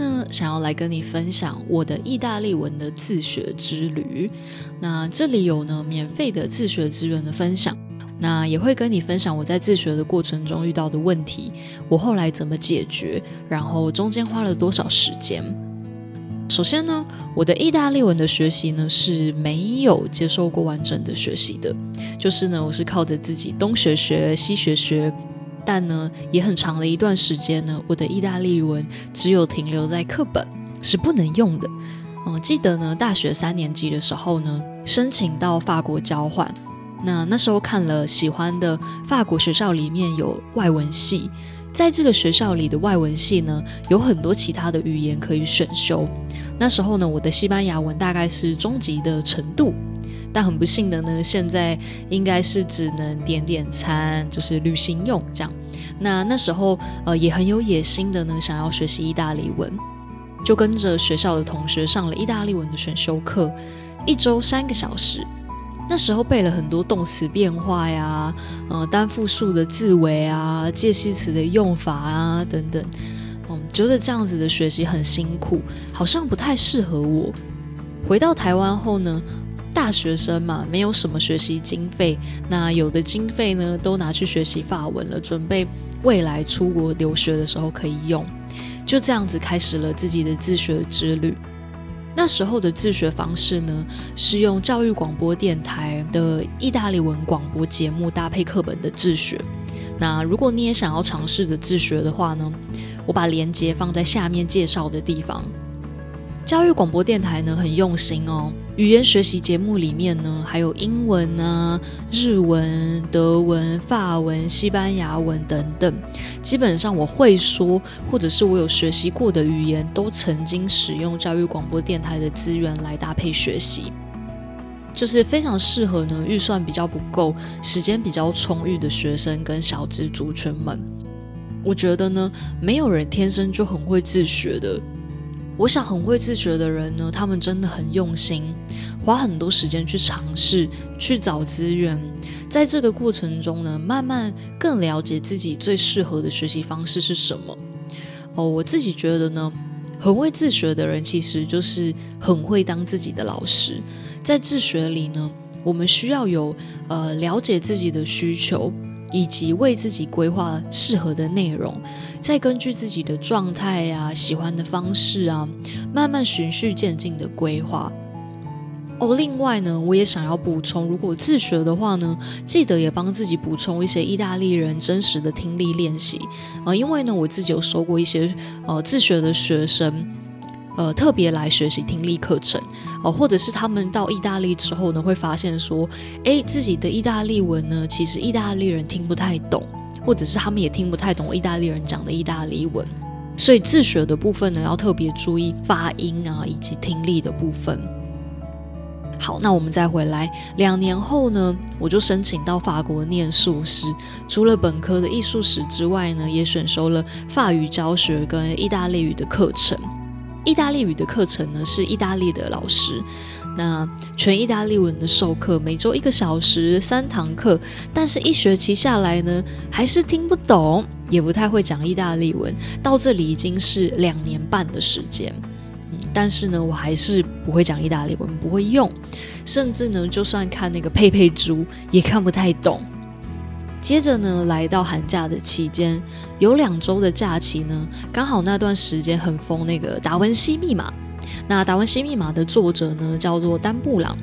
那想要來跟你分享我的意大利文的自學之旅，那這裡有呢免費的自學資源的分享，那也會跟你分享我在自學的過程中遇到的問題，我後來怎麼解決，然後中間花了多少時間。首先呢，我的意大利文的學習呢是沒有接受過完整的學習的，就是呢我是靠着自己東學學，西學學。但呢，也很長的一段時間呢，我的意大利語文只有停留在課本，是不能用的。哦、嗯，記得呢，大學三年級的時候呢，申請到法國交換。那那時候看了喜歡的法國學校裡面有外文系，在這個學校裡的外文系呢，有很多其他的語言可以選修。那時候呢，我的西班牙文大概是中級的程度。但很不幸的呢，現在應該是只能點點餐，就是旅行用這樣。那那時候呃也很有野心的呢，想要學習意大利文，就跟着學校的同學上了意大利文的選修課，一周三個小時。那時候背了很多動詞變化呀，呃，單複數的字尾啊，介系詞的用法啊等等。嗯，覺得這樣子的學習很辛苦，好像不太適合我。回到台灣後呢，大學生嘛，沒有什麼學習經費，那有的經費呢，都拿去學習法文了，準備未來出國留學的時候可以用。就這樣子開始了自己的自學之旅。那時候的自學方式呢，是用教育廣播電臺的意大利文廣播節目搭配課本的自學。那如果你也想要嘗試着自學的話呢，我把連結放在下面介紹的地方。教育廣播電台呢，很用心哦，語言學習節目裡面呢還有英文啊、日文、德文、法文、西班牙文等等，基本上我會說或者是我有學習過的語言，都曾經使用教育廣播電台的資源來搭配學習，就是非常適合呢預算比較不夠、時間比較充裕的學生跟小資族群們。我覺得呢，沒有人天生就很會自學的。我想，很會自學的人呢，他們真的很用心，花很多時間去嘗試，去找資源。在這個過程中呢，慢慢更了解自己最適合的學習方式是什麼。哦，我自己覺得呢，很會自學的人其實就是很會當自己的老師。在自學裡呢，我們需要有，呃，了解自己的需求。以及為自己規劃適合的內容，再根據自己的狀態啊、喜歡的方式啊，慢慢循序漸進的規劃。哦，另外呢，我也想要補充，如果自學的話呢，記得也幫自己補充一些意大利人真實的聽力練習啊，呃，因為呢，我自己有收過一些呃自學的學生。呃，特別來學習聽力課程哦、呃，或者是他們到意大利之後呢，會發現說，誒、欸，自己的意大利文呢，其實意大利人聽不太懂，或者是他們也聽不太懂意大利人講的意大利文，所以自學的部分呢，要特別注意發音啊，以及聽力的部分。好，那我們再回來，兩年後呢，我就申請到法國念碩士，除了本科的藝術史之外呢，也選修了法語教學跟意大利語的課程。意大利語的課程呢，是意大利的老師，那全意大利文的授課，每周一個小時三堂課，但是一學期下來呢，還是聽不懂，也不太會講意大利文。到這裡已經是兩年半的時間，嗯，但是呢，我還是不會講意大利文，不會用，甚至呢就算看那個佩佩豬也看不太懂。接着呢，來到寒假的期間，有兩周的假期呢，剛好那段時間很瘋那個《達文西密碼》。那《達文西密碼》的作者呢叫做丹布朗，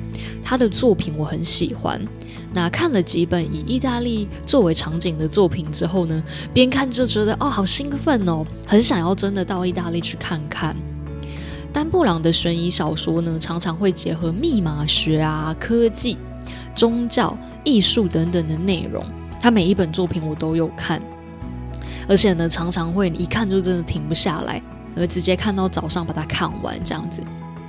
他的作品我很喜歡。那看了幾本以意大利作為場景的作品之後呢，邊看就覺得哦，好興奮哦，很想要真的到意大利去看看。丹布朗的懸疑小說呢，常常會結合密碼學啊、科技、宗教、藝術等等的內容。他每一本作品我都有看，而且呢，常常會一看就真的停不下來，而直接看到早上把它看完這樣子。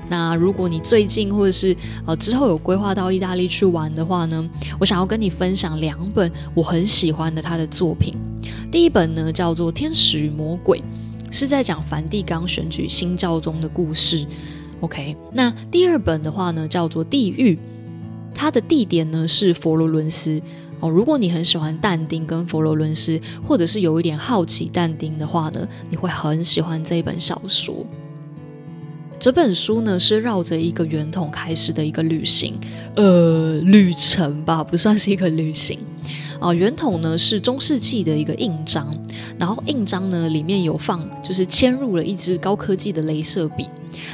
那如果你最近或者是呃之後有規劃到意大利去玩的話呢，我想要跟你分享兩本我很喜歡的他的作品。第一本呢叫做《天使與魔鬼》，是在講梵蒂岡選舉新教宗的故事。OK，那第二本的話呢叫做《地獄》，它的地點呢是佛羅倫斯。哦，如果你很喜歡但丁跟佛羅倫斯，或者是有一點好奇但丁的話呢，你會很喜歡這一本小說。這本書呢，是繞着一個圓筒開始的一個旅行，呃，旅程吧，不算是一個旅行。啊，圓筒、哦、呢是中世紀的一個印章，然後印章呢裡面有放，就是嵌入了一支高科技的鐳射筆，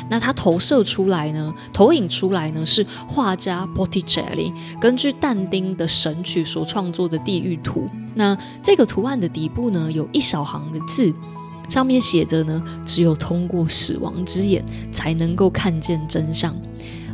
那它投射出來呢，投影出來呢是畫家 Botticelli 根據但丁的神曲所創作的地獄圖。那這個圖案的底部呢有一小行的字，上面寫着呢，只有通過死亡之眼才能夠看見真相。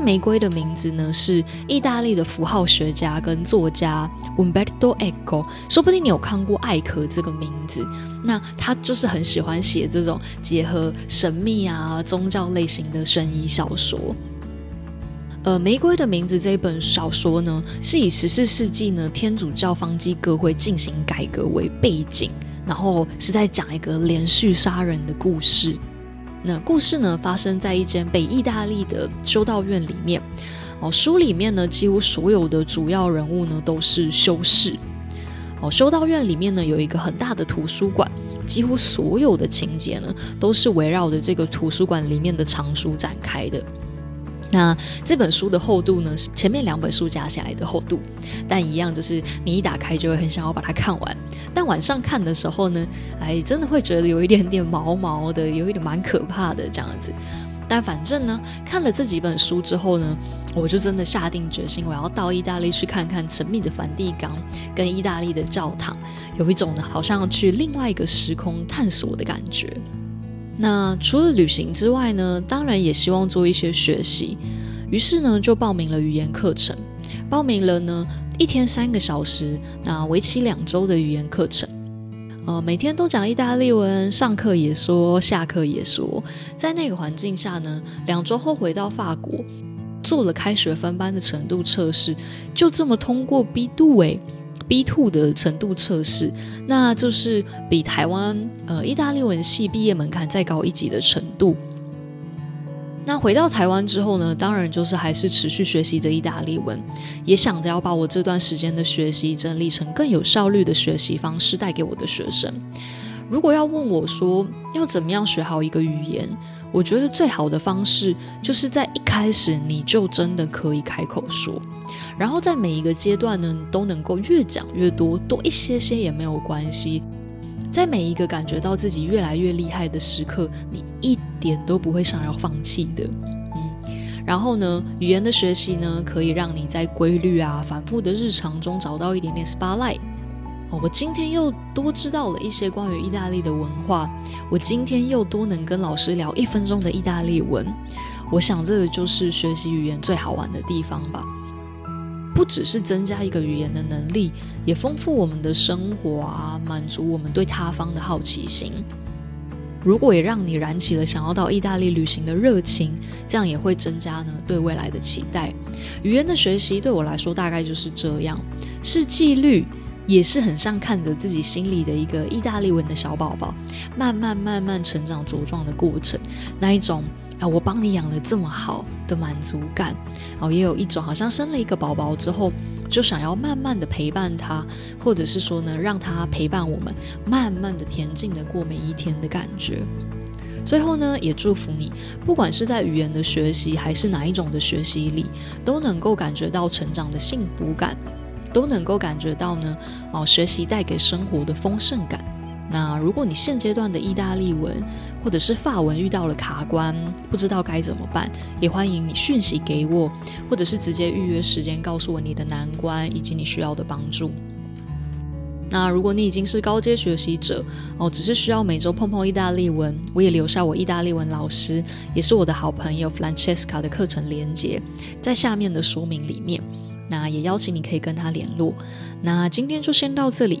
玫瑰的名字呢是意大利的符號學家跟作家 Umberto Eco，說不定你有看過艾可這個名字。那他就是很喜歡寫這種結合神秘啊、宗教類型的懸疑小說。呃，玫瑰的名字這一本小說呢，是以十四世紀呢天主教方濟各會進行改革為背景，然後是在講一個連續殺人的故事。那故事呢，發生在一間北意大利的修道院裡面。哦，書裡面呢，幾乎所有的主要人物呢，都是修士。哦，修道院裡面呢，有一個很大的圖書館，幾乎所有的情節呢，都是圍繞着這個圖書館裡面的藏書展開的。那這本書的厚度呢，是前面兩本書加起來的厚度，但一樣就是你一打開就會很想要把它看完。但晚上看的時候呢，哎，真的會覺得有一點點毛毛的，有一點蠻可怕的這樣子。但反正呢，看了這幾本書之後呢，我就真的下定決心，我要到意大利去看看神秘的梵蒂岡跟意大利的教堂，有一種呢，好像要去另外一個時空探索的感覺。那除了旅行之外呢，當然也希望做一些學習，於是呢就報名了語言課程，報名了呢一天三個小時，那為期兩週的語言課程，呃，每天都講意大利文，上課也說，下課也說，在那個環境下呢，兩週後回到法國，做了開學分班的程度測試，就這麼通過 B2 誒、欸。B 2的程度測試，那就是比台灣呃意大利文系畢業門檻再高一級的程度。那回到台灣之後呢，當然就是還是持續學習著意大利文，也想着要把我這段時間的學習整理成更有效率的學習方式帶給我的學生。如果要問我說要怎麼樣學好一個語言，我覺得最好的方式就是在一開始你就真的可以開口說。然後在每一個階段呢，都能夠越講越多，多一些些也沒有關係。在每一個感覺到自己越來越厲害的時刻，你一點都不會想要放棄的，嗯。然後呢，語言的學習呢，可以讓你在規律啊、反復的日常中找到一點點 spotlight。哦，我今天又多知道了一些關於意大利的文化，我今天又多能跟老師聊一分鐘的意大利文。我想這個就是學習語言最好玩的地方吧。不只是增加一個語言的能力，也豐富我們的生活啊，滿足我們對他方的好奇心。如果也讓你燃起了想要到意大利旅行的熱情，這樣也會增加呢，對未來的期待。語言的學習對我來說大概就是這樣，是紀律，也是很像看着自己心裡的一個意大利文的小寶寶，慢慢慢慢成長茁壯的過程，那一種。啊，我幫你養了這麼好的滿足感，哦，也有一種好像生了一個寶寶之後，就想要慢慢的陪伴他，或者是說呢，讓他陪伴我們，慢慢的恬靜的過每一天的感覺。最後呢，也祝福你，不管是在語言的學習，還是哪一種的學習裡，都能夠感覺到成長的幸福感，都能夠感覺到呢，哦，學習帶給生活的豐盛感。那如果你現階段的意大利文，或者是法文遇到了卡關，不知道該怎麼辦，也歡迎你訊息給我，或者是直接預約時間告訴我你的難關以及你需要的幫助。那如果你已經是高階學習者哦，只是需要每周碰碰意大利文，我也留下我意大利文老師，也是我的好朋友 Francesca 的課程連結，在下面的說明裡面。那也邀請你可以跟他聯絡。那今天就先到這裡。